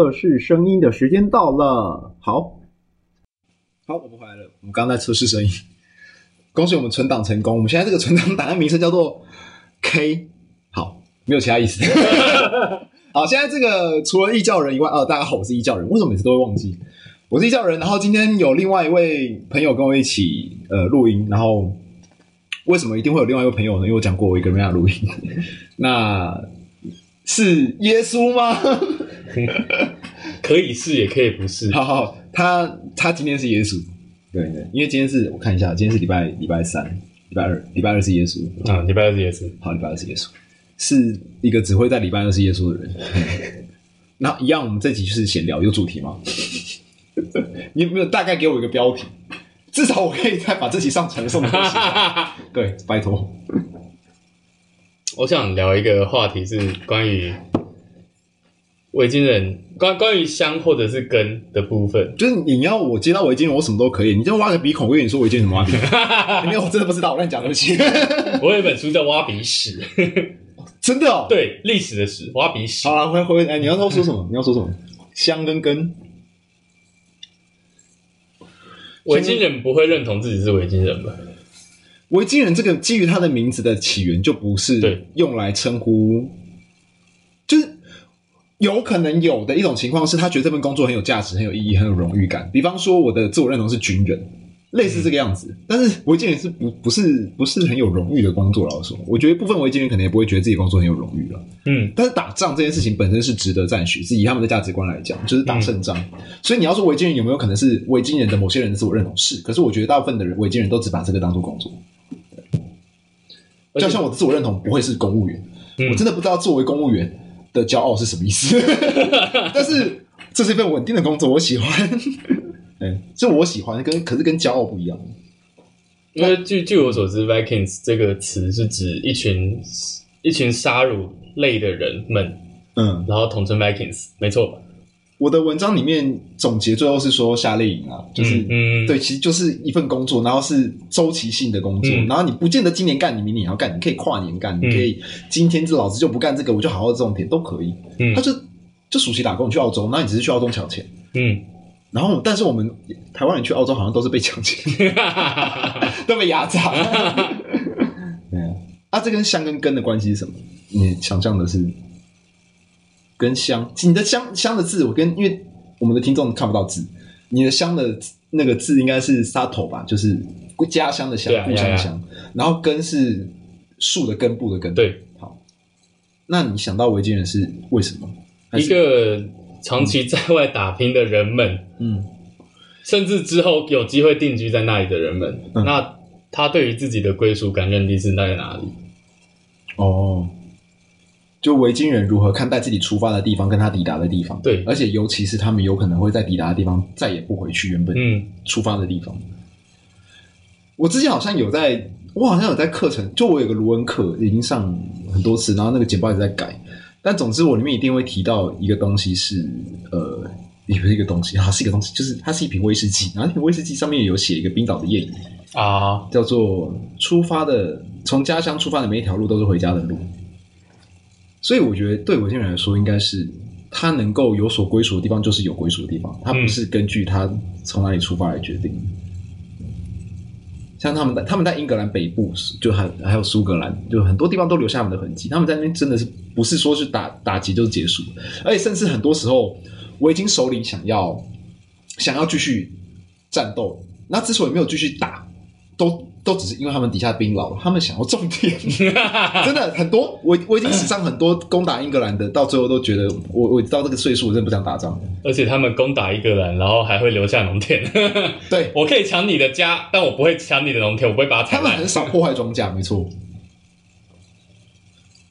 測試聲音的時間到了，好，好，我們回來了。我們剛剛在測試聲音，恭喜我們存檔成功。我們現在這個存檔檔案名稱叫做 K，好，沒有其他意思。 好，現在這個除了異教人以外，啊，大家好，我是異教人。為什麼每次都會忘記？我是異教人。然後今天有另外一位朋友跟我一起呃錄音，然後為什麼一定會有另外一位朋友呢？因為我講過我一個人要錄音，那是耶穌嗎？ 可以是，也可以不是。好好，他他今天是耶穌，對對，因為今天是我看一下，今天是禮拜禮拜三，禮拜二禮拜二是耶穌啊，禮拜二是耶穌。好，禮拜二是耶穌，是一個只會在禮拜二是耶穌的人。 那一樣，我們這集就是閒聊，有主題嗎？ 你有沒有大概給我一個標題？ 至少我可以再把這集上傳。送東西，對，拜託。我想聊一個話題是關於。維京人關關於鄉或者是根的部分，就是你要我接到維京人，我什麼都可以，你就挖個鼻孔，我跟你說維京人挖鼻屎， 欸、沒有，我真的不知道，我亂講對不起。 我有一本書叫《挖鼻屎》，真的哦，對歷史的史挖鼻屎。好啦，回回哎、欸，你要說什麼？你要說什麼？ 鄉跟根，維京人不會認同自己是維京人吧？維京人這個基於他的名字的起源，就不是用來稱呼，對就是。有可能有的一種情況是，他覺得這份工作很有價值、很有意義、很有榮譽感。比方說，我的自我認同是軍人，類似這個樣子。嗯、但是，維京人是不不是不是很有榮譽的工作，老實說，我覺得部分維京人可能也不會覺得自己工作很有榮譽了。嗯，但是打仗這件事情本身是值得讚許，是以他們的價值觀來講，就是打勝仗。嗯、所以你要說維京人有沒有可能是維京人的某些人的自我認同是，可是我覺得大部分的人維京人都只把這個當做工作。且就像我的自我認同不會是公務員，嗯、我真的不知道作為公務員的驕傲是什麼意思？ 但是這是一份穩定的工作，我喜歡。嗯， 是我喜歡，跟可是跟驕傲不一樣。因為據據我所知，Vikings 這個詞是指一群一群殺戮類的人們，嗯，然後統稱 Vikings，沒錯吧？我的文章裡面總結最後是說夏令營啊，就是、嗯嗯、對，其實就是一份工作，然後是週期性的工作，嗯、然後你不見得今年幹，你明年也要幹，你可以跨年幹，你可以今天這老子就不幹這個，我就好好的這種田都可以。嗯、他就就暑期打工去澳洲，那你只是去澳洲搶錢，嗯、然後但是我們台灣人去澳洲好像都是被搶錢，都被壓榨。對啊，啊，這跟鄉跟根的關係是什麼？嗯、你想象的是？根鄉，你的鄉，鄉的字，我跟因為我們的聽眾看不到字，你的鄉的那個字應該是沙頭吧，就是家鄉的鄉，啊、故鄉的鄉。嗯、然後根是樹的根部的根部。對，好。那你想到維京人是為什麼？一個長期在外打拼的人們，嗯，甚至之後有機會定居在那裡的人們，嗯、那他對於自己的歸屬感認定是在哪裡？哦。就維京人如何看待自己出發的地方，跟他抵達的地方？對，而且尤其是他們有可能會在抵達的地方再也不回去原本出發的地方。嗯、我之前好像有在，我好像有在課程，就我有個盧恩課已經上很多次，然後那個簡報也在改。但總之，我裡面一定會提到一個東西是，呃，也不是一個東西，啊，是一個東西，就是它是一瓶威士忌，然後那瓶威士忌上面有寫一個冰島的諺語啊，叫做“出發的從家鄉出發的每一條路都是回家的路”。所以我覺得，對維京人來說，應該是他能夠有所歸屬的地方，就是有歸屬的地方。他不是根據他從哪裡出發來決定。嗯、像他們在，他們在英格蘭北部，就還還有蘇格蘭，就很多地方都留下他們的痕迹。他們在那邊真的是不是說是打打擊就結束，而且甚至很多時候，維京首領想要想要繼續戰鬥，那之所以沒有繼續打，都。都只是因為他們底下兵老了，他們想要種田， 真的很多。我我已經史上很多攻打英格蘭的，到最後都覺得我我到這個歲數我真的不想打仗。而且他們攻打一個人，然後還會留下農田。 對我可以搶你的家，但我不會搶你的農田，我不會把它拆了。他們很少破壞莊稼，沒錯。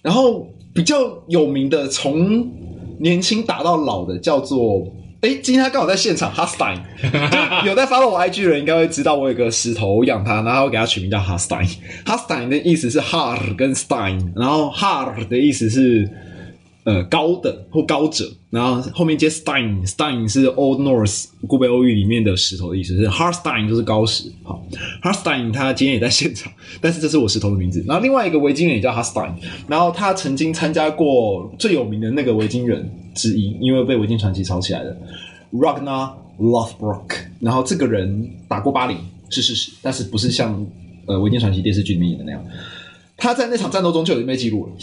然後比較有名的，從年輕打到老的，叫做。誒，今天他剛好在現場，哈斯汀， 就有在 follow 我 IG 的人應該會知道，我有個石頭我養他，然後我給他取名叫哈斯汀。哈斯汀的意思是 hard 跟 stein，然後 hard 的意思是。呃，高等或高者，然後後面接 stein，stein stein 是 Old Norse 古北歐語裡面的石頭的意思，是 Harstein 就是高石。好 Harstein 他今天也在現場，但是這是我石頭的名字。然後另外一個維京人也叫 Harstein 然後他曾經參加過最有名的那個維京人之一，因為被維京傳奇炒起來的 Ragnar Lothbroke，然後這個人打過巴黎，是事實，但是不是像呃維京傳奇電視劇裡面演的那樣，他在那場戰鬥中就已經被記錄了。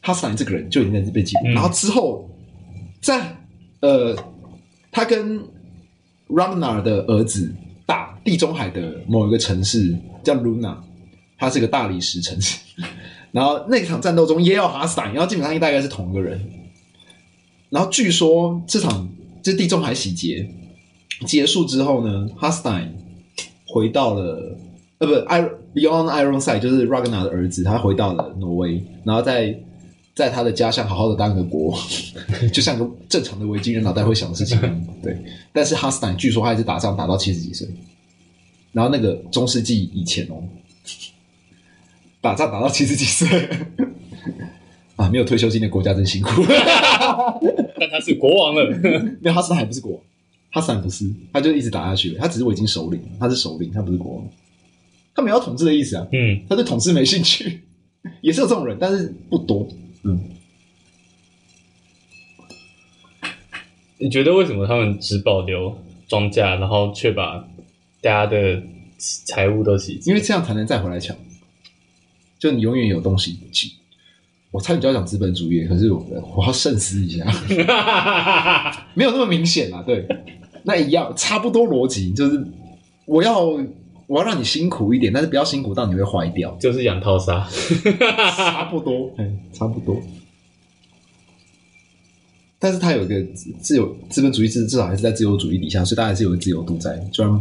哈斯坦這個人就已經在這被記錄，嗯、然後之後，在呃，他跟 Ragnar 的兒子打地中海的某一個城市叫 Luna，它是個大理石城市，然後那場戰鬥中也有哈斯坦，然後基本上應該是同一個人。然後據說這場這、就是、地中海洗劫結束之後呢，哈斯坦回到了呃不 Iron Beyond Ironside 就是 Ragnar 的兒子，他回到了挪威，然後在。在他的家鄉好好的當一個國王，就像個正常的維京人腦袋會想的事情。對，但是哈斯坦據說他還是打仗打到七十幾歲，然後那個中世紀以前哦，打仗打到七十幾歲啊，沒有退休金的國家真辛苦。 但他是國王了，因為哈斯坦還不是國王，哈斯坦不是，他就一直打下去。他只是維京首領，他是首領，他不是國王，他沒有統治的意思啊。嗯，他對統治沒興趣，嗯、也是有這種人，但是不多。嗯，你覺得為什麼他們只保留莊稼，然後卻把大家的財物都洗？因為這樣才能再回來搶，就你永遠有東西進。我猜你比較想資本主義，可是我我要慎思一下， 沒有那麼明顯啦。對，那一樣差不多邏輯，就是我要。我要讓你辛苦一點，但是不要辛苦到你會壞掉。就是養套殺， 差不多，嗯、欸，差不多。但是它有一個自由資本主義，至少還是在自由主義底下，所以它還是有個自由度在。雖然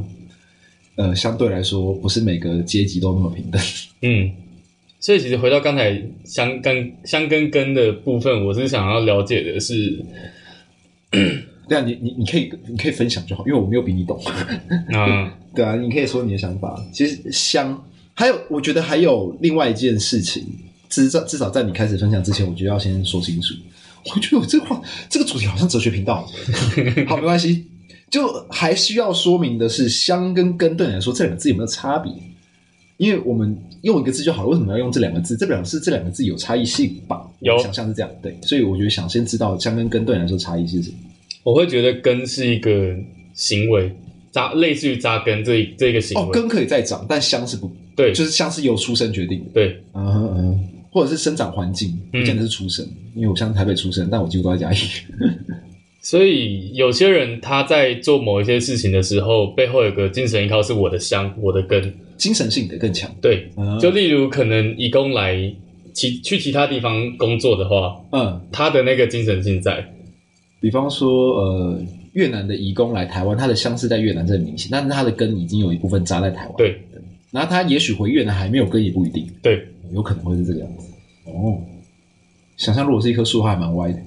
呃，相對來說不是每個階級都那麼平等。嗯，所以其實回到剛才鄉根鄉根根的部分，我是想要了解的是。 對啊，你你你可以你可以分享就好，因為我沒有比你懂。嗯 對，對啊，你可以說你的想法。其實鄉，還有我覺得還有另外一件事情，至少至少在你開始分享之前，我覺得要先說清楚。我覺得我這話這個主題好像哲學頻道。 好，沒關係。就還需要說明的是，鄉跟根對你來說這兩個字有沒有差別？因為我們用一個字就好了，為什麼要用這兩個字？這兩個字這兩個字有差異性吧？有，想象是這樣。對，所以我覺得想先知道鄉跟根對你來說差異是什麼。我會覺得根是一個行為，扎類似於扎根這這一個行為。哦，根可以再長，但鄉是不，對，就是鄉是由出生決定的。對，嗯嗯，或者是生長環境，不見得是出生。嗯、因為我像台北出生，但我幾乎都在嘉義。 所以有些人他在做某一些事情的時候，背後有個精神依靠是我的鄉，我的根，精神性的更強。對，嗯、就例如可能移工來其去其他地方工作的話，嗯，他的那個精神性在。比方說，呃，越南的移工來台灣，他的鄉思在越南真的明顯，但是他的根已經有一部分扎在台灣。對，然後他也許回越南還沒有根，也不一定。對，有可能會是這個樣子。哦，想象如果是一棵樹，還蠻歪的，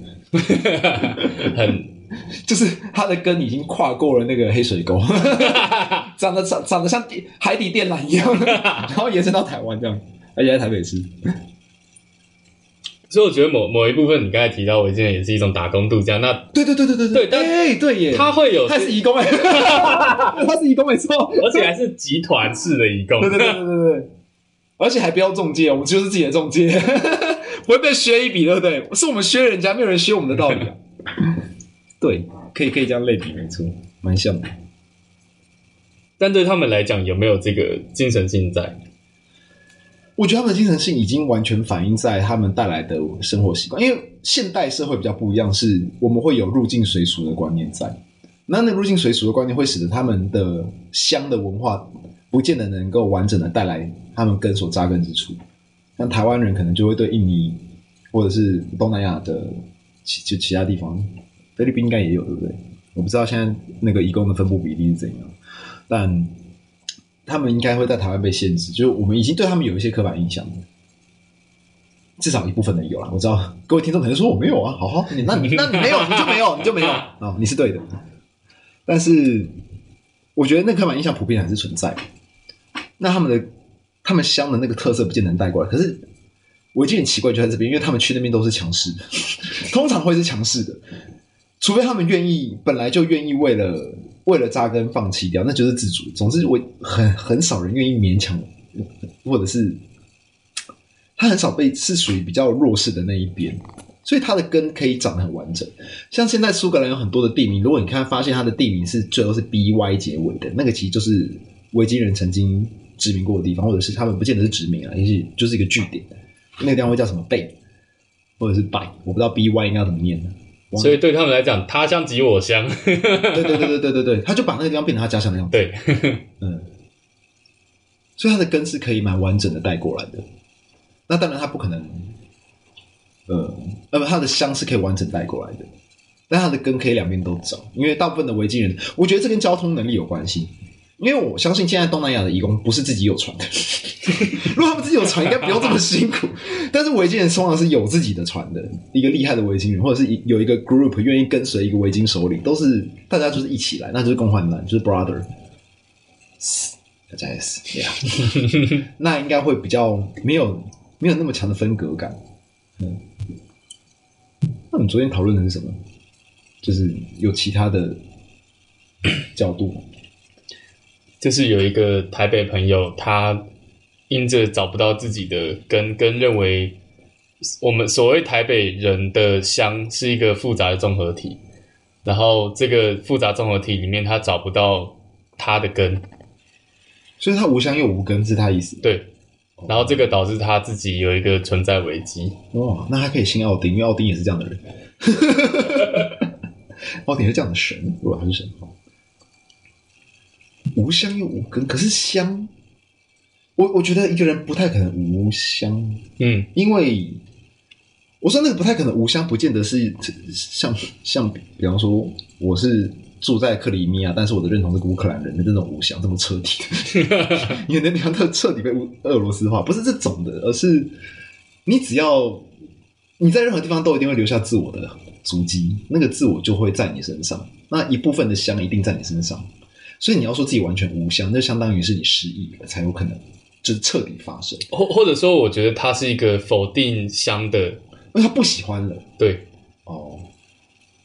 很， 就是他的根已經跨過了那個黑水溝， 長得長長得像海底電纜一樣，然後延伸到台灣這樣。而且在台北市。所以我覺得某某一部分，你剛才提到，我現在也是一種打工度假。那對對對對對對，對、欸、對耶，他會有，他是移工哎，他是移工沒錯，而且還是集團式的移工， 對對對對對，對，對，而且還不要中介，我們就是自己的中介， 不會被削一筆，對不對？是我們削人家，沒有人削我們的道理、啊。 對，可以可以這樣類比，沒錯，蠻像的。但對他們來講，有沒有這個精神性在？我覺得他們的精神性已經完全反映在他們帶來的生活習慣，因為現代社會比較不一樣，是我們會有入境隨俗的觀念在。那那入境隨俗的觀念會使得他們的鄉的文化不見得能夠完整的帶來他們根所扎根之處。像台灣人可能就會對印尼或者是東南亞的其就其他地方，菲律賓應該也有，對不對？我不知道現在那個移工的分布比例是怎樣，但。他們應該會在台灣被限制，就是我們已經對他們有一些刻板印象了，至少一部分人有了，我知道各位聽眾朋友說我沒有啊，好好，你那，那你沒有你就沒有，你就沒有啊、哦，你是對的。但是我覺得那刻板印象普遍還是存在。那他們的他們鄉的那個特色不見得能帶過來，可是我已經很奇怪就在這邊，因為他們去那邊都是強勢的，通常會是強勢的，除非他們願意，本來就願意為了。為了紮根，放棄掉，那就是自主。總之，我很很少人願意勉強，或者是他很少被是屬於比較弱勢的那一邊，所以他的根可以長得很完整。像現在蘇格蘭有很多的地名，如果你看發現它的地名是最後是 by 結尾的那個，其實就是維京人曾經殖民過的地方，或者是他們不見得是殖民啊，也許就是一個據點。那個地方會叫什麼貝，或者是 by，我不知道 by 應該要怎麼念呢？所以對他們來講，他鄉即我鄉。對 對對對對對對，他就把那個地方變成他家鄉樣的樣子。對， 嗯。所以他的根是可以蠻完整的帶過來的。那當然他不可能，那、呃、麼、呃、他的鄉是可以完整帶過來的，但他的根可以兩邊都長，因為大部分的維京人，我覺得這跟交通能力有關係，因為我相信，現在東南亞的移工不是自己有船的。 如果他們自己有船，應該不用這麼辛苦。 但是維京人通常是有自己的船的。一個厲害的維京人，或者是有一有一個 group 願意跟隨一個維京首領，都是大家就是一起來，那就是共患難，就是 brother。大家也是這樣，Yeah，那應該會比較沒有沒有那麼強的分隔感。嗯，那我們昨天討論的是什麼？就是有其他的角度。就是有一個台北朋友，他因着找不到自己的根，跟認為我們所謂台北人的鄉是一個複雜的綜合體，然後這個複雜綜合體裡面，他找不到他的根，所以他無鄉又無根是他的意思。對，然後這個導致他自己有一個存在危機。哇、哦，那他可以信奧丁，因為奧丁也是這樣的人。對 奧丁是這樣的神，如果他是神。無鄉又無根，可是鄉，我我覺得一個人不太可能無鄉，嗯，因為我說那個不太可能無鄉，不見得是像像，比，像比，比方說我是住在克里米亞，但是我的認同是烏克蘭人的這種無鄉這麼徹底， 你能量的地方特徹底被烏俄羅斯化，不是這種的，而是你只要你在任何地方都一定會留下自我的足跡，那個自我就會在你身上，那一部分的鄉一定在你身上。所以你要說自己完全無鄉，那相當於是你失憶了，才有可能就徹底發生。或或者說，我覺得他是一個否定鄉的，因為他不喜歡了。對，哦，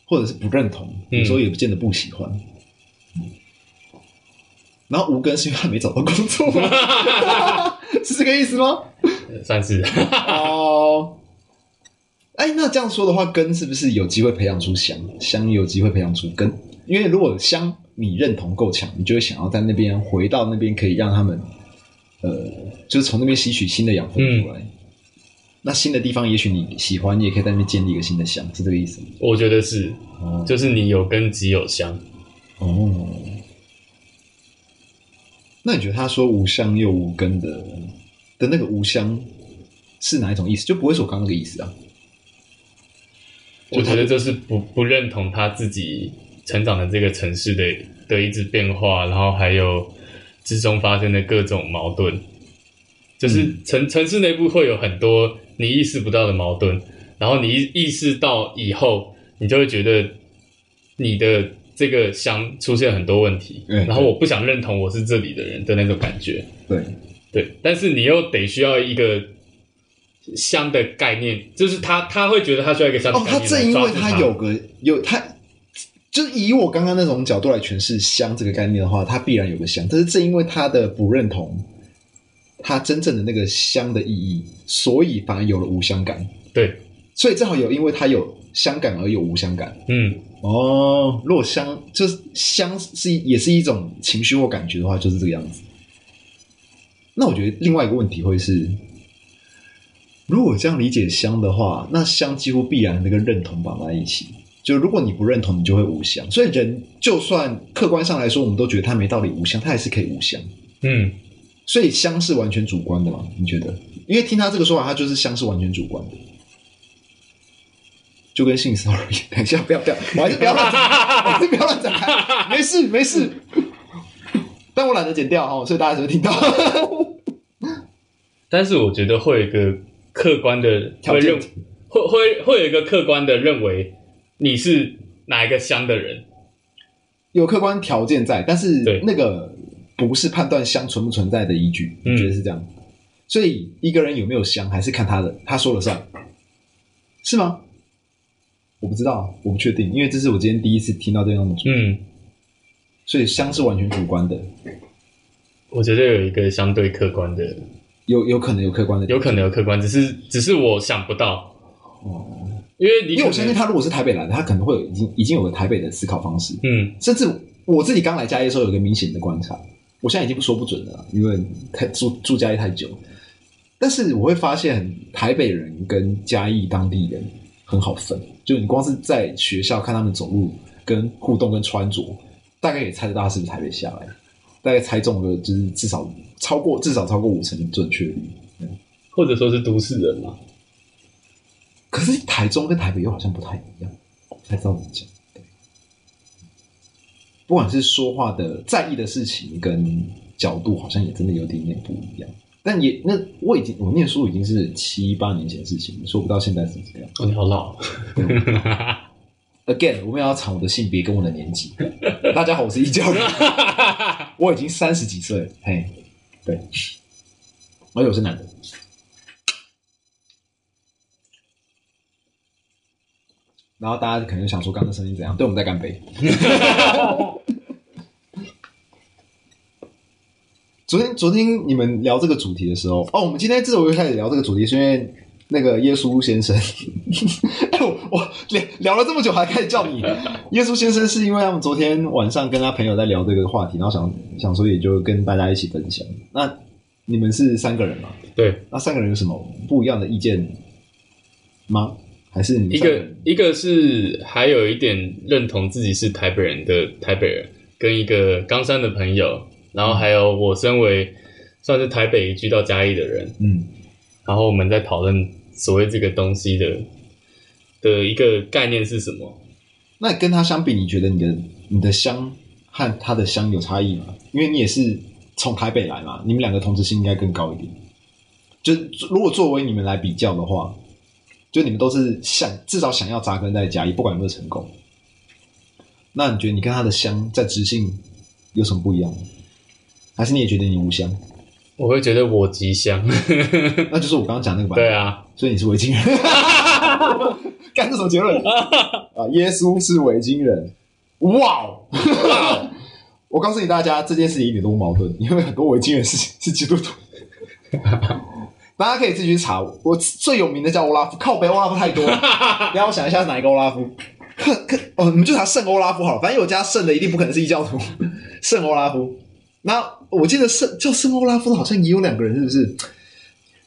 或者是不認同，所以也不見得不喜歡、嗯嗯。然後無根是因為他沒找到工作嗎， 是這個意思嗎？算是。 哦，哎、欸，那這樣說的話，根是不是有機會培養出鄉？鄉有機會培養出根？因為如果鄉。你認同夠強，你就會想要在那邊回到那邊，可以讓他們，呃，就是從那邊吸取新的養分出來。嗯、那新的地方，也許你喜歡，你也可以在那邊建立一個新的鄉，是這個意思嗎？我覺得是，嗯、就是你有根即有鄉。哦、嗯，那你覺得他說無鄉又無根的的那個無鄉，是哪一種意思？就不會是我剛剛那個意思啊？我覺得就是不不認同他自己，成長的這個城市的的一直變化，然後還有之中發生的各種矛盾，就是城、嗯、城市內部會有很多你意識不到的矛盾，然後你意識到以後，你就會覺得你的這個鄉出現很多問題，嗯、然後我不想認同我是這裡的人的那種感覺。對對，但是你又得需要一個鄉的概念，就是他他會覺得他需要一個鄉的概念來抓住他哦，他，正因為他有個有他。就以我剛剛那種角度來詮釋“鄉”這個概念的話，它必然有個鄉，但是正因為它的不認同，它真正的那個鄉的意義，所以反而有了無鄉感。對，所以正好有，因為它有鄉感而有無鄉感。嗯，哦，如果鄉就是鄉是也是一種情緒或感覺的話，就是這個樣子。那我覺得另外一個問題會是，如果這樣理解鄉的話，那鄉幾乎必然那個認同綁在一起。就如果你不認同，你就會無鄉。所以人就算客觀上來說，我們都覺得他沒道理無鄉，他還是可以無鄉。嗯，所以鄉是完全主觀的嘛？你覺得？因為聽他這個說法，他就是鄉是完全主觀的，就跟性騷擾。等一下，不要不要，還是不要亂，還是不要亂講。沒事 沒事，沒事 但我懶得剪掉哈、哦、所以大家只能聽到。 但是我覺得會有一個客觀的，會認，會會會有一個客觀的認為。你是哪一個鄉的人？有客觀條件在，但是那個不是判斷鄉存不存在的依據，嗯，我覺得是這樣。所以一個人有沒有鄉，還是看他的，他說了算，是嗎？我不知道，我不確定，因為這是我今天第一次聽到這樣的東西。嗯，所以鄉是完全主觀的。我覺得有一個相對客觀的，有有可能有客觀的，有可能有客觀，只是只是我想不到。哦。因為你因為我相信他如果是台北來的，他可能會有已經已經有了台北的思考方式。嗯，甚至我自己剛來嘉義的時候，有個明顯的觀察。我現在已經不說不準了，因為太住住嘉義太久。但是我會發現，台北人跟嘉義當地人很好分。就你光是在學校看他們走路、跟互動、跟穿着，大概也猜得到他是不是台北下來，大概猜中了，就是至少超過至少超過五成的準確率，或者說是都市人嘛。可是台中跟台北又好像不太一樣，我不知道怎麼講，不管是說話的在意的事情跟角度，好像也真的有點點不一樣。但也那我已經我念書已經是七八年前的事情，說不到現在是怎麼樣哦。你好老。對 Again，我沒有要藏我的性別跟我的年紀。大家好，我是異教人， 我已經三十幾歲。 嘿，對，而且我是男的。然後大家可能想說，剛剛聲音怎樣？對，我們在乾杯。 昨天，昨天你們聊這個主題的時候，哦，我們今天之所以會開始聊這個主題，是因為那個耶穌先生， 哎、我聊聊了這麼久還開始叫你耶穌先生，是因為他們昨天晚上跟他朋友在聊這個話題，然後想想所以就跟大家一起分享。那你們是三個人嗎？對，那三個人有什麼不一樣的意見嗎？還是你個一個，一個是還有一點認同自己是台北人的台北人，跟一個岡山的朋友，然後還有我身為算是台北移居到嘉義的人，嗯，然後我們在討論所謂這個東西的的一個概念是什麼。那跟他相比，你覺得你的你的鄉和他的鄉有差異嗎？因為你也是從台北來嘛，你們兩個同質性應該更高一點。就如果作為你們來比較的話。就你們都是想至少想要扎根在嘉義，不管有沒有成功。那你覺得你跟他的鄉在質性，有什麼不一樣？還是你也覺得你無鄉？我會覺得我極鄉， 那就是我剛剛講那個題。對啊，所以你是維京人。幹這種結論。 啊，耶穌是維京人。哇、wow! 我告訴你大家，這件事情一點都不矛盾，因為很多維京人是是基督徒。 大家可以自己去查我，我最有名的叫歐拉夫，靠北，歐拉夫太多了。等下 我想一下，哪一個歐拉夫看看？哦，你們就查聖歐拉夫好了。反正有加聖的一定不可能是異教徒，聖歐拉夫。那我記得聖叫聖歐拉夫好像也有兩個人，是不是？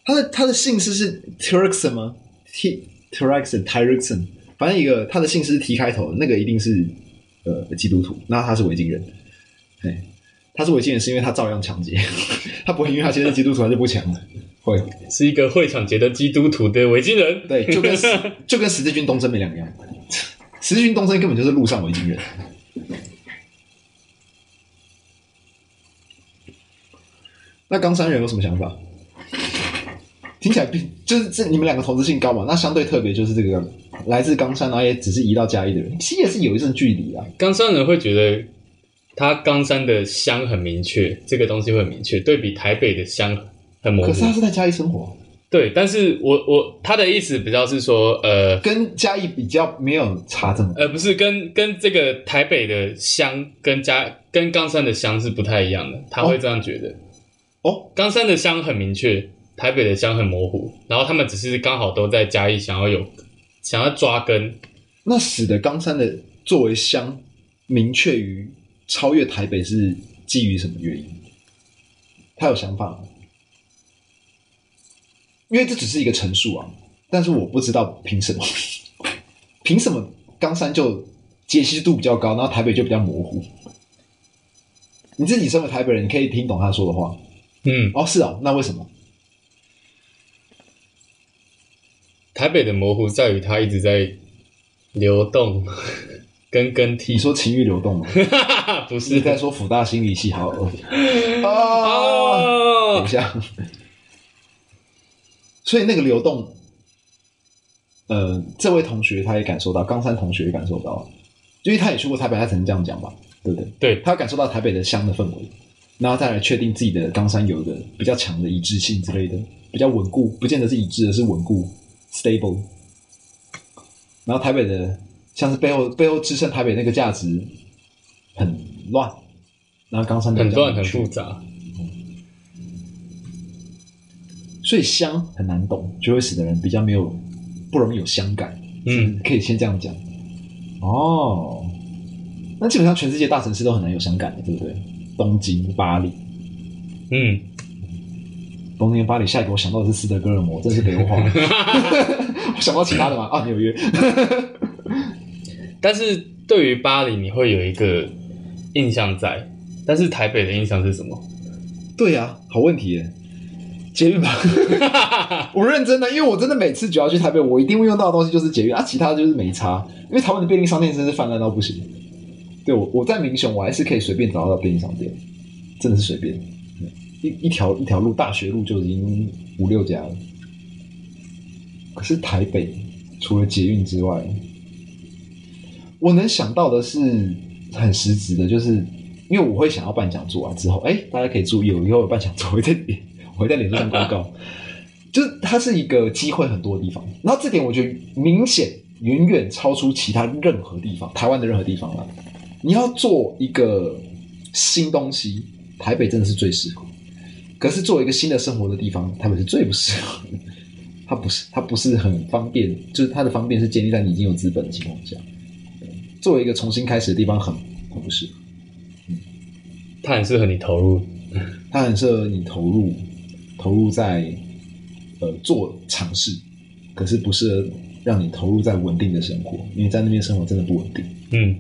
他的他的姓氏是 Tyrixon 嗎？T Tyrixon Tyrixon 反正一個他的姓氏是 T 開頭的，那個一定是呃基督徒。那他是維京人，對，他是維京人是因為他照樣搶劫， 他不會因為他現在基督徒他就不搶了。 會是一個會搶劫的基督徒的維京人，對，就跟 就跟十字軍東征沒兩樣。十字軍東征根本就是陸上維京人。那岡山人有什麼想法？聽起來就是這、就是、你們兩個同質性高嘛，那相對特別就是這個來自岡山、啊，然後也只是移到嘉義的人，其實也是有一陣距離啊。岡山人會覺得他岡山的鄉很明確，這個東西會明確，對比台北的鄉。很模糊，可是他是在嘉義生活、啊，對，但是我我他的意思比較是說，呃，跟嘉義比較沒有差這麼，呃，不是跟跟這個台北的鄉跟嘉跟岡山的鄉是不太一樣的，他會這樣覺得。哦，岡、哦、山的鄉很明確，台北的鄉很模糊，然後他們只是剛好都在嘉義，想要有想要抓根，那使得岡山的作為鄉明確於超越台北是基於什麼原因？他有想法嗎？因為這只是一個陳述啊，但是我不知道憑什麼，憑什麼岡山就解析度比較高，然後台北就比較模糊？你自己身為台北人，你可以聽懂他說的話，嗯，哦，是哦，那為什麼？台北的模糊在於它一直在流動，跟更替。你說情欲流動嗎？ 不是，在說輔大心理系好哦。哦，等一下。所以那個流動，呃，這位同學他也感受到，岡山同學也感受到，因為他也去過台北，他曾經這樣講吧，對不對？對，他感受到台北的鄉的氛圍，然後再來確定自己的岡山有的比較強的一致性之類的，比較穩固，不見得是一致的，是穩固 （stable）。然後台北的像是背後背後支撐台北那個價值很亂，然後岡山的很亂斷去很複雜。最鄉很難懂，就會使得人比較沒有，不容易有鄉感。嗯，可以先這樣講。嗯、哦，那基本上全世界大城市都很難有鄉感的，對不對？東京、巴黎，嗯，東京、巴黎。下一個我想到的是斯德哥爾摩，這是北歐風 我想到其他的嗎？ 啊，紐約。 但是對於巴黎，你會有一個印象在，但是台北的印象是什麼？對呀、啊，好問題耶。捷運吧， 我認真的。啊，因為我真的每次只要去台北，我一定會用到的東西就是捷運啊，其他就是沒差。因為台灣的便利商店真的是氾濫到不行。對，我我在民雄我還是可以隨便找到便利商店，真的是隨便。一一條一條路，大學路就已經五六家。可是台北除了捷運之外，我能想到的是很實質的，就是因為我會想要辦講座完之後，哎、欸，大家可以注意，我以後有辦講座會再。回在臉書上公告，就是它是一個機會很多的地方。然後這點我覺得明顯遠遠超出其他任何地方，台灣的任何地方了。你要做一個新東西，台北真的是最適合。可是作為一個新的生活的地方，台北是最不適合的。它不是，它不是很方便，就是它的方便是建立在你已經有資本的情況下。作為一個重新開始的地方很，很很不適合。它很適合你投入，它很適合你投入。投入在，呃，做嘗試，可是不是合讓你投入在穩定的生活，因為在那邊生活真的不穩定。嗯，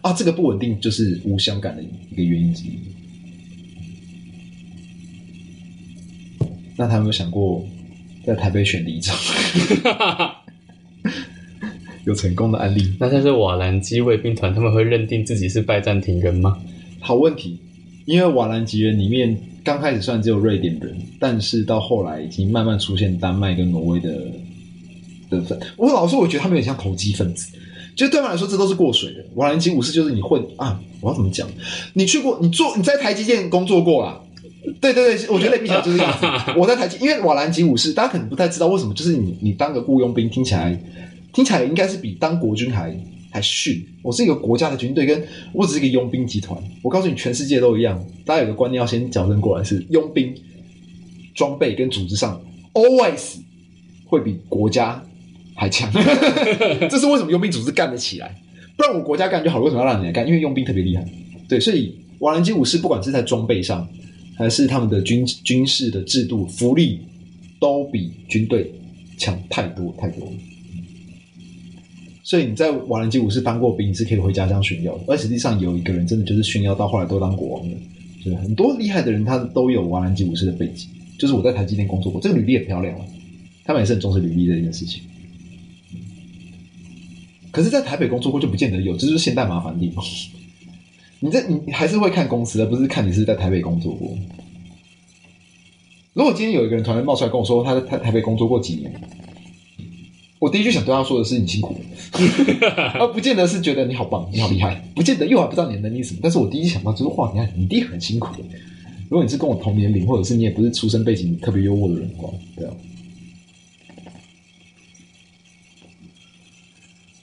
啊，這個不穩定就是無相感的一個原因之一。那他有沒有想過在台北選離照？ 有成功的案例？那像是瓦蘭基衛兵團，他們會認定自己是拜占庭人嗎？好問題，因為瓦蘭基人裡面。剛開始算只有瑞典人，但是到後來已經慢慢出現丹麥跟挪威的成分。我老說我覺得他們有點像投機分子。就對我來說，這都是過水的。瓦蘭吉武士就是你混啊，我要怎麼講？你去過，你做，你在台積電工作過了？對對對，我覺得類比起來就是這樣 我在台積，因為瓦蘭吉武士大家可能不太知道，為什麼就是你你當個僱傭兵，聽起來聽起來應該是比當國軍還。還訓我是一個國家的軍隊，跟我只是一個傭兵集團。我告訴你，全世界都一樣。大家有個觀念要先矯正過來是：是傭兵裝備跟組織上，always 會比國家還強。 這是為什麼傭兵組織幹得起來？不然我國家幹就好了，為什麼要讓你來幹？因為傭兵特別厲害。對，所以瓦蘭基武士不管是在裝備上，還是他們的軍軍事的制度、福利，都比軍隊強太多太多了。所以你在瓦蘭基武士當過兵，你是可以回家鄉炫耀的。而實際上有一個人真的就是炫耀到後來都當國王的，就是很多厲害的人他都有瓦蘭基武士的背景。就是我在台積電工作過，這個履歷很漂亮了，啊。他們也是很重視履歷這件事情。可是，在台北工作過就不見得有，這就是現代麻煩的地方。你在，你還是會看公司的，不是看你是在台北工作過。如果今天有一個人突然冒出來跟我說他在台台北工作過幾年。我第一句想對他說的是你辛苦了，啊， 不見得是覺得你好棒，你好厲害， 不見得，又還不知道你的能力什麼。但是我第一句想到這個話，你看，你一定很辛苦。如果你是跟我同年齡，或者是你也不是出生背景特別優渥的人的話，對啊。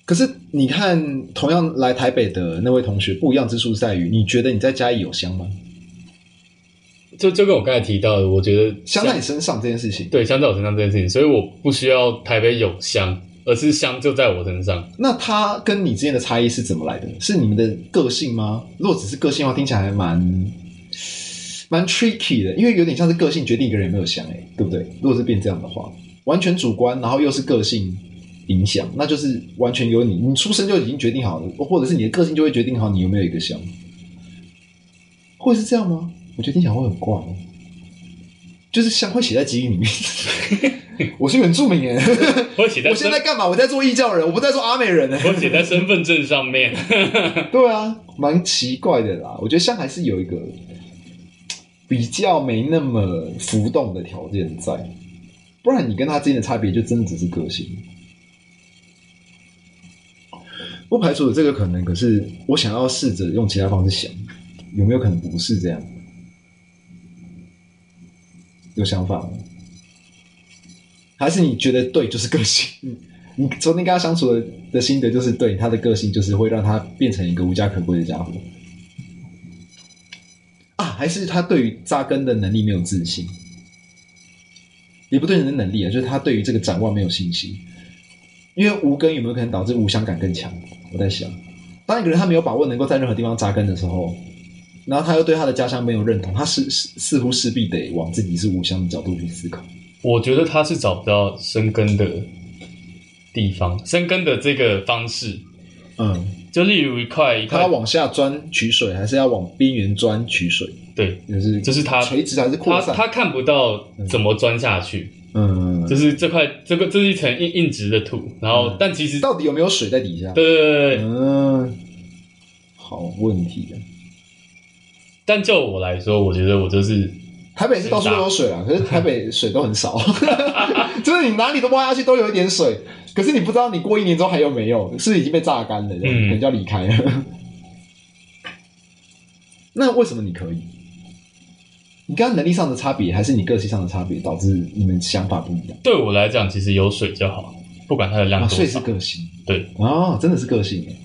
可是你看，同樣來台北的那位同學，不一樣之處在於，你覺得你在家裡有香嗎？就就跟我剛才提到的，我覺得鄉在你身上這件事情，對，鄉在我身上這件事情，所以我不需要台北有鄉，而是鄉就在我身上。那它跟你之間的差異是怎麼來的？是你們的個性嗎？如果只是個性的話，聽起來還蠻蠻 tricky 的，因為有點像是個性決定一個人有沒有鄉，誒，對不對？如果是變這樣的話，完全主觀，然後又是個性影響，那就是完全由你，你出生就已經決定好了，或者是你的個性就會決定好你有沒有一個鄉，會是這樣嗎？我覺得你響會很怪，就是鄉會寫在基因裡面。 我是原住民哎，我 我現在幹嘛？我在做異教人，我不在做阿美人哎。我寫在身份證上面。對啊，蠻奇怪的啦。我覺得鄉還是有一個比較沒那麼浮動的條件在，不然你跟他之間的差別就真的只是個性。不排除有這個可能，可是我想要試着用其他方式想，有沒有可能不是這樣？有想法嗎？還是你覺得對就是個性？你昨天跟他相處的的心得就是對他的個性，就是會讓他變成一個無家可歸的傢伙啊？還是他對於紮根的能力沒有自信？也不對人的能力啊，就是他對於這個展望沒有信心。因為無根有沒有可能導致無鄉感更強？我在想，當一個人他沒有把握能夠在任何地方紮根的時候。然後他又對他的家鄉沒有認同，他是似似乎勢必得往自己是無鄉的角度去思考。我覺得他是找不到生根的地方，嗯、生根的這個方式，嗯，就例如一塊，他往下鑽取水，還是要往邊緣鑽取水？對，就是就是他垂直還是擴散他？他看不到怎麼鑽下去，嗯，就是這塊這個這是一層硬硬直的土，然後、嗯、但其實到底有沒有水在底下？對，對，嗯，好問題的。但就我來說，我覺得我就是台北是到處都有水啊， 可是台北水都很少， 就是你哪裡都挖下去都有一點水，可是你不知道你過一年之後還有沒有，是不是已經被榨乾了，人家離開了。 那為什麼你可以？你跟他能力上的差別，還是你個性上的差別導致你們想法不一樣？對我來講，其實有水就好，不管它的量多少，水、啊、是個性。對哦、啊、真的是個性、欸，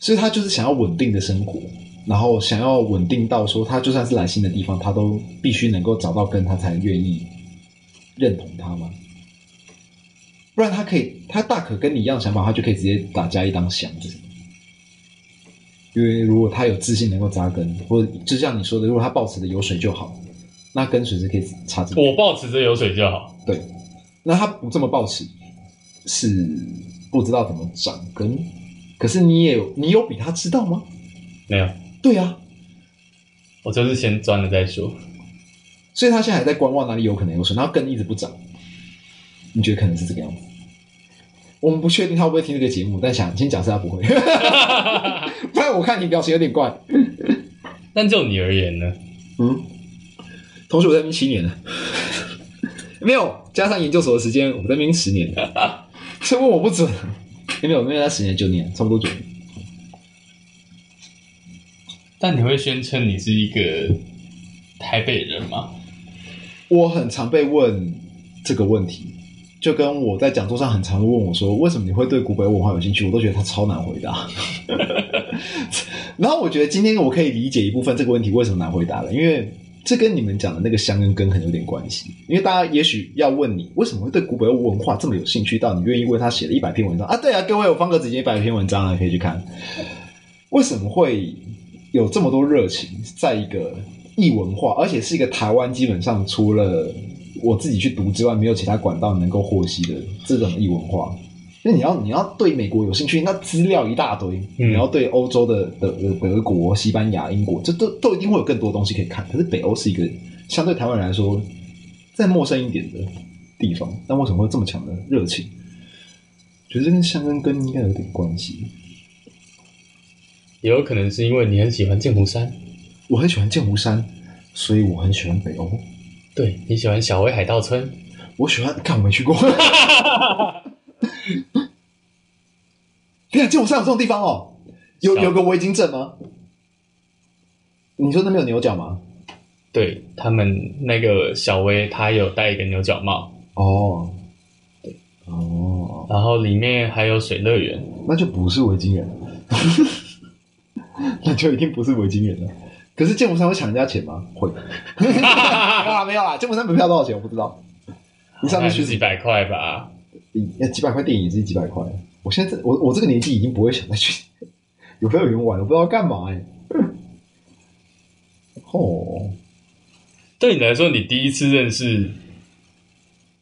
所以他就是想要穩定的生活。然後想要穩定到說，他就算是來新的地方，他都必須能夠找到根，他才願意認同他嗎？不然他可以，他大可跟你一樣想法，他就可以直接打架一當翔，就因為如果他有自信能夠扎根，或者就像你說的，如果他抱持的有水就好，那根隨時可以插著。我抱持的有水就好，對。那他不這麼抱持，是不知道怎麼長根。可是你也有，你有比他知道嗎？沒有。對呀、啊，我就是先鑽了再說，所以他現在還在觀望哪裡有可能有水，他根一直不長，你覺得可能是這個樣子？我們不確定他會不會聽這個節目，但想先假設他不會。 不然我看你表情有點怪。但就你而言呢？嗯，同學我在明七年了， 沒有加上研究所的時間，我在明十年了。這問 我不準？沒有沒有，在十年九年差不多準。但你會宣稱你是一個台北人嗎？我很常被問這個問題，就跟我在講座上很常問我說：“為什麼你會對古北文化有興趣？”我都覺得他超難回答。 然後我覺得今天我可以理解一部分這個問題為什麼難回答了，因為這跟你們講的那個鄉跟根很有點關係。因為大家也許要問你，為什麼會對古北文化這麼有興趣到你願意為他寫了一百篇文章啊？對啊，各位，我方格子已經一百篇文章了，可以去看。為什麼會？有這麼多熱情，在一個異文化，而且是一個台灣，基本上除了我自己去讀之外，沒有其他管道能夠獲悉的這種異文化。那你要你要對美國有興趣，那資料一大堆；你要對歐洲的的德國、嗯、西班牙、英國，這都都一定會有更多東西可以看。可是北歐是一個相對台灣人來說再陌生一點的地方，但為什麼會這麼強的熱情？覺得這跟鄉根根應該有點關係。也有可能是因為你很喜歡劍湖山，我很喜歡劍湖山，所以我很喜歡北歐。對，你喜歡小威海盜村，我喜歡，看我沒去過。哈哈哈哈哈！劍湖山有這種地方哦？有小有個維京鎮嗎？你說那裡有牛角嗎？對他們那個小威，他有戴一個牛角帽。哦、oh. 對，對哦，然後裡面還有水樂園，那就不是維京人了 那就一定不是維京人了。可是劍湖山會搶人家錢嗎？會。 沒有啦，沒有啦。劍湖 山門票多少錢？我不知道。你好上次去幾百塊吧？那幾百塊電影也是幾百塊。我現在我我這個年紀已經不會想再去。有沒有人玩，我不知道要幹嘛哎、欸。哦、嗯。對你來說，你第一次認識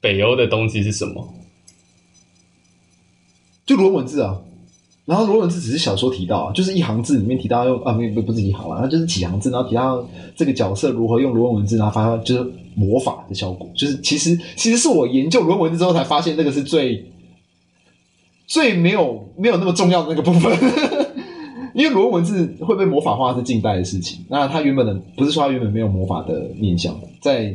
北歐的東西是什麼？就羅文字啊。然後羅文文字只是小說提到啊，就是一行字裡面提到用啊，不不不是一行了，它就是幾行字，然後提到這個角色如何用羅文文字，然後發生就是魔法的效果。就是其實其實是我研究羅文文字之後才發現，那個是最最沒有沒有那麼重要的那個部分， 因為羅文文字會被魔法化是近代的事情，那他原本的不是說他原本沒有魔法的面向在。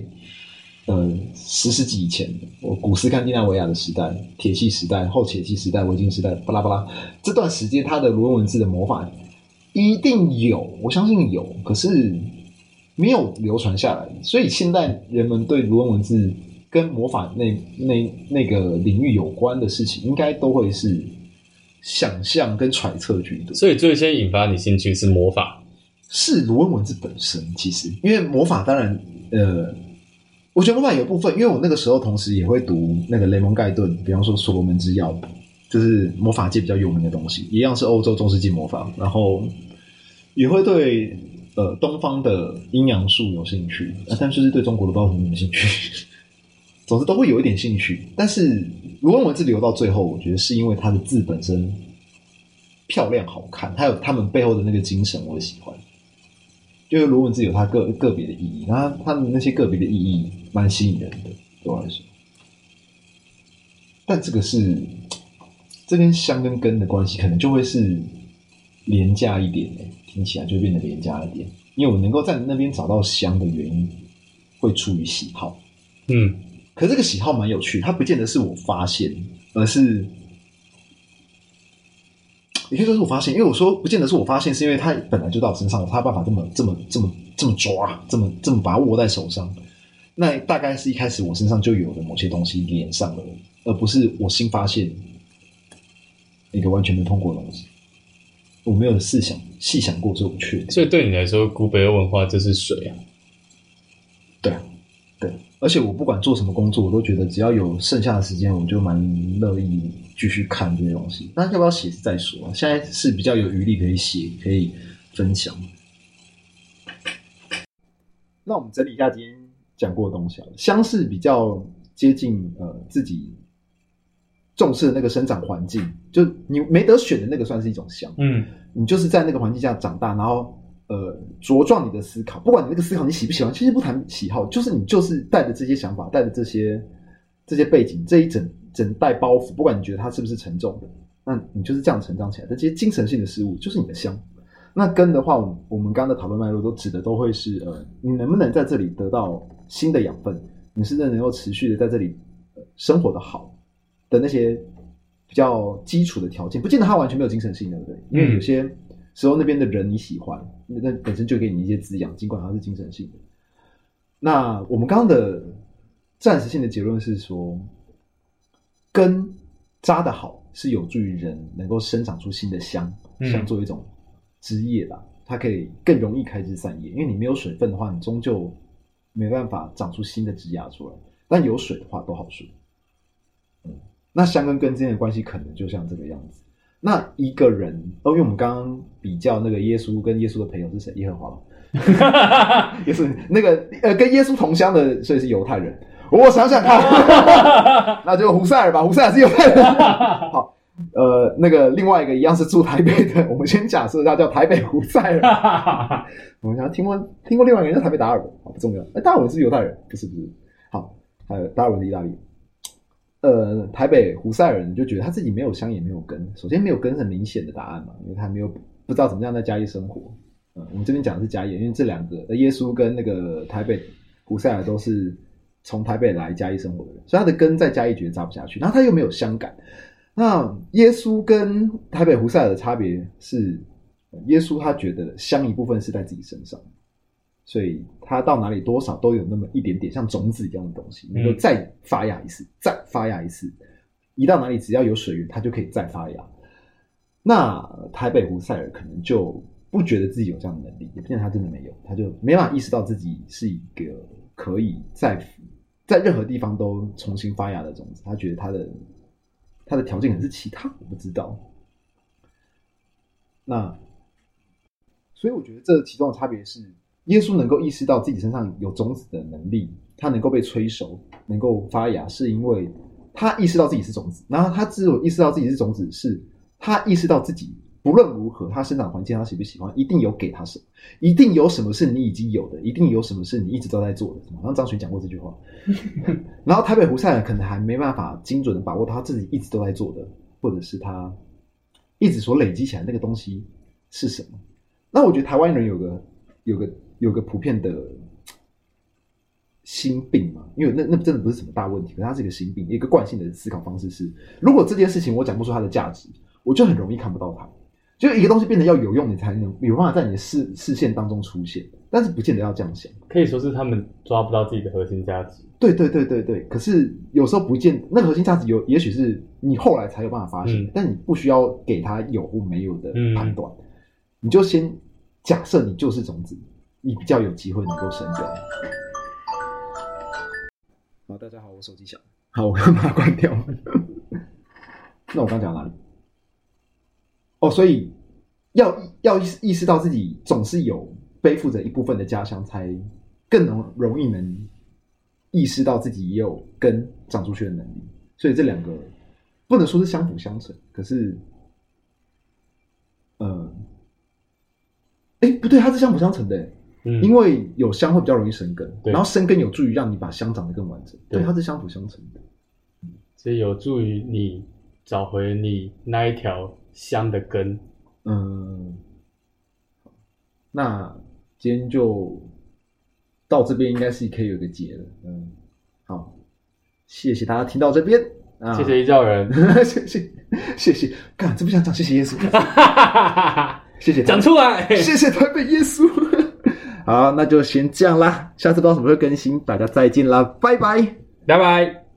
呃，十世紀以前，我古斯堪地納維亞的時代、鐵器時代、後鐵器時代、維京時代，巴拉巴拉這段時間，它的羅文文字的魔法一定有，我相信有，可是沒有流傳下來。所以，現代人們對羅文文字跟魔法那那那個領域有關的事情，應該都會是想象跟揣測居多。所以，最先引發你興趣是魔法，是羅文文字本身。其實，因為魔法當然，呃。我覺得魔法有部分，因為我那個時候同時也會讀那個雷蒙蓋頓，un, 比方說《所羅門之鑰》，就是魔法界比較有名的東西，一樣是歐洲中世紀魔法。然後也會對呃東方的陰陽術有興趣，但是對中國的不知道夫沒興趣。總之都會有一點興趣，但是如果我文字留到最後，我覺得是因為它的字本身漂亮好看，還有他們背後的那個精神，我喜歡。就是盧恩文字有它個個別的意義，然後它那些個別的意義蠻吸引人的，對我來說。但這個是這跟香跟根的關係，可能就會是廉價一點誒、欸，聽起來就變得廉價一點。因為我能夠在你那邊找到香的原因，會出於喜好，嗯，可這個喜好蠻有趣，它不見得是我發現，而是。也就是說，我發現，因為我說不見得是我發現，是因為他本來就到我身上了，他有辦法這麼、這麼、這麼、這麼抓，這麼、這麼把他握在手上。那大概是一開始我身上就有的某些東西連上了，而不是我新發現一個完全沒碰過的東西。我沒有試想細想過這種缺點。所以對你來說，古北歐文化就是水啊。對，對。而且我不管做什麼工作，我都覺得只要有剩下的時間，我就蠻樂意繼續看這些東西，那要不要寫再說啊？現在是比較有餘力可以寫，可以分享。那我們整理一下今天講過的東西啊。鄉是比較接近呃自己重視的那個生長環境，就你沒得選的那個算是一種鄉。嗯，你就是在那個環境下長大，然後呃茁壯你的思考。不管你那個思考你喜不喜歡，其實不談喜好，就是你就是帶着這些想法，帶着這些這些背景這一整。帶包袱，不管你覺得它是不是沉重的，那你就是這樣成長起來的。這些精神性的事物就是你的鄉。那根的話，我們剛剛的討論脈絡都指的都會是呃，你能不能在這裡得到新的養分？你是不是能夠持續的在這裡生活的好的那些比較基礎的條件，不見得它完全沒有精神性，對不對？因為有些時候那邊的人你喜歡，那那本身就給你一些滋養，儘管它是精神性的。那我們剛剛的暫時性的結論是說，根扎得好是有助於人能夠生長出新的鄉，像、嗯、做一種枝葉吧，它可以更容易開枝散葉。因為你沒有水分的話，你終究沒辦法長出新的枝芽出來。但有水的話都好說、嗯。那鄉跟根之間的關係可能就像這個樣子。那一個人，哦，因為我們剛剛比較那個耶穌跟耶穌的朋友是誰？耶和華，哈哈哈，也是那個呃，跟耶穌同鄉的，所以是猶太人。我、哦、想想看， 那就胡塞爾吧，胡塞爾是猶太人。 好，呃，那個另外一個一樣是住台北的，我們先假設他叫台北胡塞爾。 我想聽過聽過另外一個人叫台北達爾文，好，不重要。哎、欸，達爾文是猶太人，不是不是。好，還有達爾文是意大利。呃，台北胡塞爾就覺得他自己沒有鄉也沒有根，首先沒有根很明顯的答案嘛，因、就、為、是、他沒有不知道怎麼樣在嘉義生活。嗯、呃，我們這邊講的是嘉義，因為這兩個耶穌跟那個台北胡塞爾都是。從台北來嘉義生活的人，所以他的根在嘉義絕扎不下去。然後他又沒有鄉感。那耶穌跟台北胡塞爾的差別是，耶穌他覺得鄉一部分是在自己身上，所以他到哪裡多少都有那麼一點點像種子一樣的東西，能夠再發芽一次，嗯、再發芽一次。一到哪裡只要有水源，他就可以再發芽。那台北胡塞爾可能就不覺得自己有這樣的能力，也不見得他真的沒有，他就沒辦法意識到自己是一個可以在。在任何地方都重新發芽的種子，他覺得他的他的條件很是其他，我不知道。那所以我覺得這其中的差別是，耶穌能夠意識到自己身上有種子的能力，他能夠被催熟，能夠發芽，是因為他意識到自己是種子。然後他自我意識到自己是種子，是他意識到自己。無論如何，他生長環境他喜不喜歡，一定有給他什麼，一定有什麼是你已經有的，一定有什麼是你一直都在做的。然後張水講過這句話， 然後台北胡塞可能還沒辦法精準的把握他自己一直都在做的，或者是他一直所累積起來那個東西是什麼。那我覺得台灣人有個有個有個普遍的心病嘛，因為那那真的不是什麼大問題，可是他是一個心病，一個慣性的思考方式是：如果這件事情我講不出它的價值，我就很容易看不到它。就一個東西變得要有用，你才能有辦法在你的視視線當中出現，但是不見得要這樣想。可以說是他們抓不到自己的核心價值。對對對對對。可是有時候不見，那個、核心價值有，也許是你後來才有辦法發現，嗯、但你不需要給他有或沒有的判斷。嗯、你就先假設你就是種子，你比較有機會能夠生根。好，大家好，我手機響。好，我把它關掉了。 那我剛講到哪裡哦，所以要要意，意識到自己總是有背負着一部分的家鄉，才更能容易能意識到自己也有根長出去的能力。所以這兩個不能說是相輔相成，可是，呃，哎，不對，它是相輔相成的。嗯，因為有香會比較容易生根，對然後生根有助於讓你把香長得更完整。對，對，它是相輔相成的。所以有助於你找回你那一條。鄉的根，嗯，那今天就到這邊，應該是可以有個結了。嗯，好，謝謝大家聽到這邊，啊， 謝謝異教人，謝謝謝謝，幹這麼想講，謝謝耶穌，哈哈哈哈謝謝講出來，謝謝台北耶穌。 好，那就先這樣啦，下次不知道什麼時候更新，大家再見啦，拜拜，拜拜。